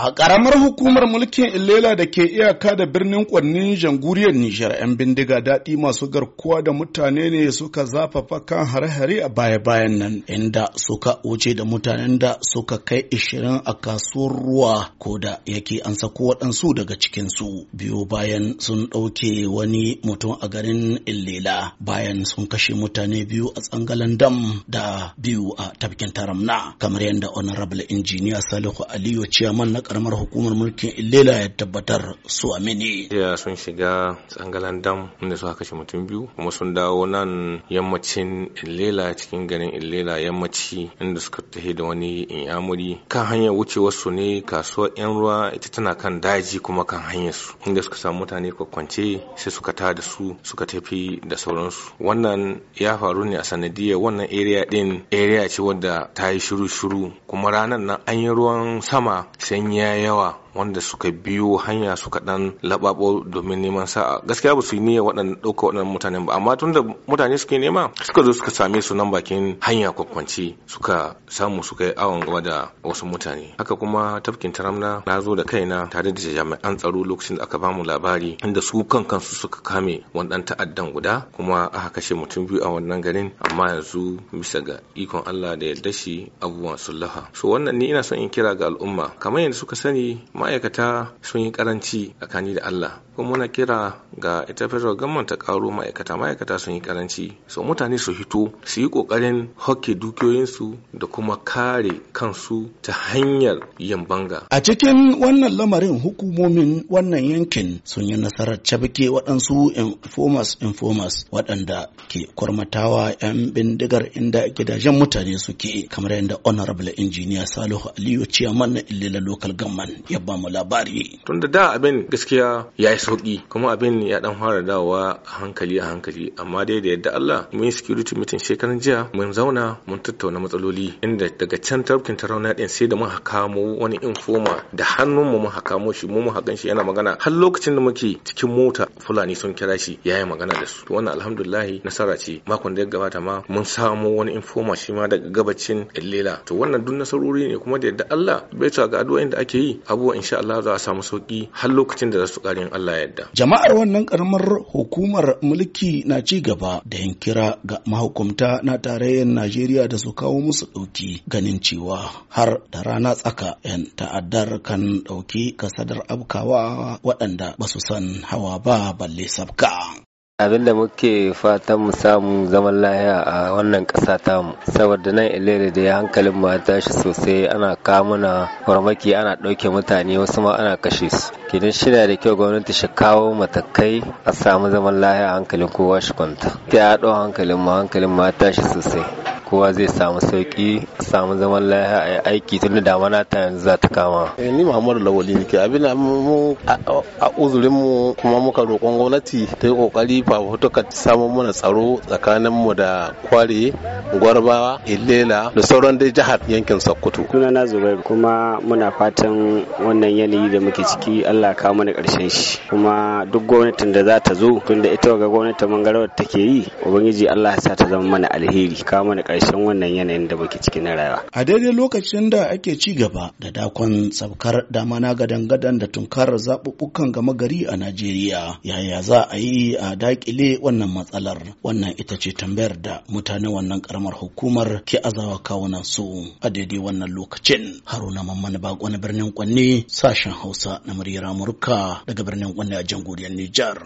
A ƙaramar hukumar mulkin Ilela da ke iyaka da birnin Kwannin janguriyar Nijar 'yan bindiga daɗi masu garkuwa da mutane ne suka zafafa kan hare-hare a baya-bayan nan inda suka wuce da mutanen da suka kai ishirin a kasuwar ruwa ko da yake an sako waɗansu daga cikinsu biyu bayan sun ɗauke wani mutum a garin Ilela bayan sun kashe mutane biyu a tsangalan dam da biyu a tafkin taramna kamar yadda honorable injiniya Salihu Aliyu Ciyaman na karamar hukumar mulkin illela ya tabbatar su amini. Jiya sun shiga tsangalan dam inda suka kashe mutum biyu kuma sun dawo nan yammacin Ilela cikin garin illela yammaci inda suka tahi da wani inyamuri kan hanyar wucewar su ne kasuwar yan ruwa ita tana kan daji kuma kan hanyar su inda suka samu mutane kwakwance sai suka ta da su suka tafi da sauransu wannan ya faru ne a sanadiyar wannan area din area ce wadda ta yi shiru-shiru kuma ranar nan an yi ruwan sama sanyi ya yawa wanda suka biyo hanya suka dan lababo domin neman sa'a gaskiya ba su yi niyyar waɗannan ɗauka waɗannan mutanen ba amma tunda mutane suke nema suka zo suka same su nan bakin hanya kwakwanci suka samu suka yi awon gaba da wasu mutane haka kuma tafkin taramna na zo da kaina tare da jami'an tsaro lokacin da aka mu labari inda su kan kansu suka kame wani dan ta'addan guda kuma aka kashe mutum biyu a wannan garin amma yanzu bisa ga ikon Allah da yarda shi abubuwan sullaha so wannan ni ina son in kira ga al'umma kamar yadda suka sani ma'aikata sun yi karanci tsakani da Allah kuma muna kira ga ita federal government ta karo ma'aikata ma'aikata sun yi karanci so mutane su hito su yi kokarin hokke dukiyoyinsu da kuma kare kansu ta hanyar yin banga a cikin wannan lamarin hukumomin wannan yankin sun yi nasarar cabike waɗansu informers informers waɗanda ke kwarmatawa 'yan bindigar inda gidajen mutane suke kamar yadda honorable engineer salihu aliyu ciyaman na illila local government ya ba mu labari tun da da abin gaskiya ya yi sauki kuma abin ya dan fara dawowa a hankali a hankali amma dai da yadda Allah mun yi security meeting shekaran jiya mun zauna mun tattauna matsaloli inda daga can tafkin tarauna din sai da mun hakamo wani infoma da hannun mu mun hakamo shi mu mun hakan shi yana magana har lokacin da muke cikin mota fulani sun kira shi yayi magana da su to wannan alhamdulillah nasara ce makon da ya gabata ma mun samo wani infoma shi ma daga gabacin Lela to wannan duk nasarori ne kuma da yadda Allah bai ta ga addu'o'in da ake yi abuwa insha Allah za a samu sauki har lokacin da za su ƙarin Allah yadda. Jama'ar wannan karamar hukumar mulki na ci gaba da yin ga mahukumta na tarayyar Najeriya da su kawo musu ɗauki ganin cewa har da rana tsaka 'yan ta'addar kan ɗauki kasadar abkawa waɗanda ba su san hawa ba balle sabka. abin da muke fatan mu samu zaman lahiya a wannan kasa ta mu. saboda nan ilere da ya hankalin mu tashi sosai ana kamuna farmaki ana ɗauke mutane wasu ma ana kashe su kidan shirya da kyau gwamnati shi kawo matakai a samu zaman lahiya hankalin kowa shi kwanta ta ya hankalin mu hankalin mu tashi sosai kowa zai samu sauki samu zaman lafiya a aiki tun da damana ta yanzu za ta kama eh, ni Muhammadu Lawali nake abin da mu a uzurin mu kuma muka roƙon gwamnati ta yi kokari fafutuka samu mana tsaro tsakanin mu da kware gwarbawa illela da sauran dai jihar yankin Sokoto na Zubairu kuma muna fatan wannan yanayi da muke ciki Allah kawo mana ƙarshen shi kuma duk gwamnatin da za ta zo tunda ita ga gwamnatin mangarawar take yi ubangiji Allah ya sa ta zama mana alheri kawo mana ƙarshen ƙarshen wannan yanayin da muke ciki na rayuwa. A daidai lokacin da ake ci gaba da dakon sabkar damana gadan-gadan da tunkarar zaɓuɓɓukan gama gari a Najeriya yaya za a yi a dakile wannan matsalar wannan ita ce tambayar da mutane wannan karamar hukumar ke azawa kawunan su a daidai wannan lokacin haruna mamman bako na birnin kwanne sashen hausa na muryar amurka daga birnin kwanne a jamhuriyar Nijar.